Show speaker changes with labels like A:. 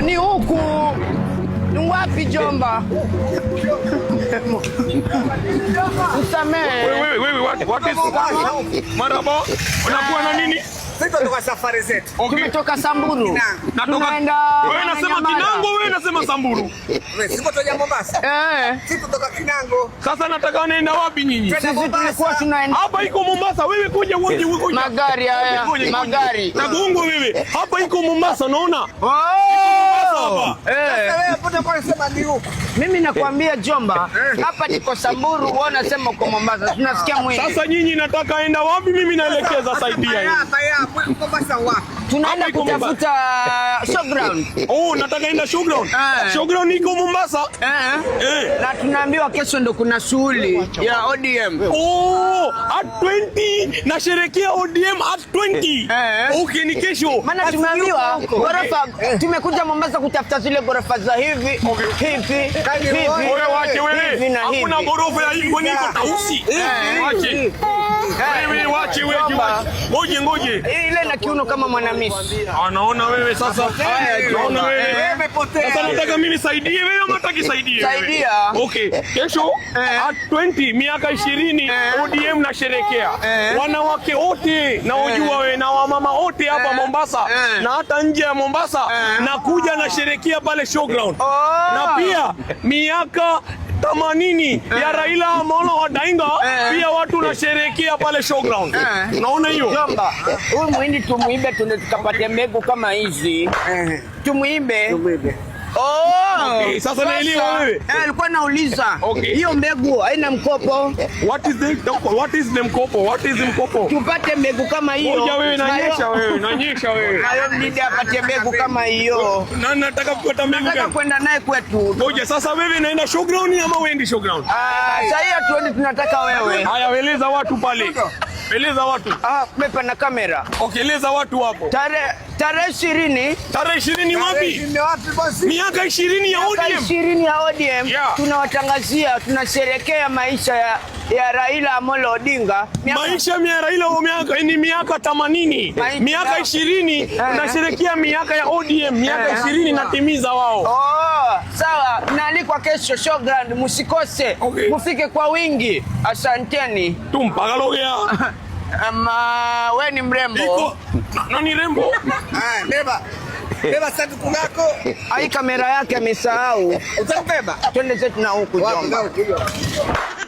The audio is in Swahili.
A: ni huku ni wapi Jomba?
B: Marhaba, unakuwa na nini?
C: Tumetoka safari zetu.
A: Okay. Tumetoka Samburu. Tunaenda.
B: Wewe unasema Kinango, wewe unasema Samburu.
C: Tunaenda Mombasa. Eh. Sisi tutoka Kinango.
B: Sasa nataka wapi nyinyi?
A: Tulikuwa tunaenda.
B: Hapa iko Mombasa. Wewe kuja
A: Magari haya. Magari.
B: Nagongo wewe. Hapa iko Mombasa unaona?
A: Oh!
C: Eh.
A: Mimi nakwambia eh. Jomba, eh. hapa niko Samburu, wewe unasema kwa Mombasa. Tunasikia ah. mwingi.
B: Sasa nyinyi nataka enda wapi? Mimi naelekeza saidia
C: hiyo.
A: Tunaenda kutafuta uh, showground.
B: Oh, nataka enda showground. Showground iko Mombasa.
A: Eh tunaambiwa kesho ndo kuna shughuli ya ODM.
B: Oh, at 20 nasherekea ODM at 20.
A: Eh,
B: eh. Okay, ni kesho. Eh,
A: maana tumeambiwa gorofa, tumekuja Mombasa kutafuta zile gorofa za hivi hivi. Wewe wache
B: wewe. Hakuna gorofa ya hivi, kwani iko tausi. Eh, wache. Wewe wache wewe ngoje ngoje.
A: Ile na kiuno kama mwanamisi.
B: Anaona wewe sasa. Anaona wewe.
C: Wewe potea.
B: Sasa nataka mimi nisaidie wewe ama nataka nisaidie Saidia. Okay. Kesho at 20 miaka 20 ODM na sherekea. Wanawake wote na ujua wewe na wamama wote hapa Mombasa na hata nje ya Mombasa nakuja sherekea pale showground. Oh. Na pia miaka themanini eh. ya Raila Amolo Odinga eh. pia watu unasherehekea pale showground eh. Unaona hiyo
A: jomba, huyu mwindi tumuimbe, tunaweza mbegu kama hizi eh. tumuimbe, Oh!
B: Okay, sasa naelewa wewe.
A: Eh, alikuwa nauliza hiyo mbegu haina mkopo.
B: What is the what is the mkopo? What is the mkopo?
A: Tupate mbegu kama hiyo.
B: Ngoja wewe nanyesha wewe, nanyesha wewe.
A: Hayo mdidi apatie mbegu kama hiyo.
B: Na nataka kupata mbegu Nataka
A: kwenda naye kwetu.
B: Ngoja sasa wewe naenda showground ama uendi showground?
A: Ah, sasa hiyo tuende tunataka wewe.
B: Haya, weleza watu pale. Eleza watu.
A: Ah, mepa na kamera.
B: Okay, eleza watu hapo.
A: Tare tarehe 20.
B: Tarehe 20 wapi? Ni wapi basi? Miaka 20 ya ODM. Miaka
A: 20 ya ODM. Yeah. Tunawatangazia, tunasherekea maisha ya ya Raila Amolo Odinga.
B: Miaka... Maisha ya Raila wa miaka ni miaka 80. Miaka 20 eh. tunasherekea miaka ya ODM, miaka 20 eh. natimiza wao.
A: Oh sawa, mnaalikwa kesho showground, musikose okay. Mufike kwa wingi, asanteni.
B: tumpakalogea
A: Ama we ni mrembo
B: nani rembo?
C: Ah, beba beba sasa tukungako.
A: Ai, kamera yake amesahau. Utakubeba, twende zetu na huku jomba.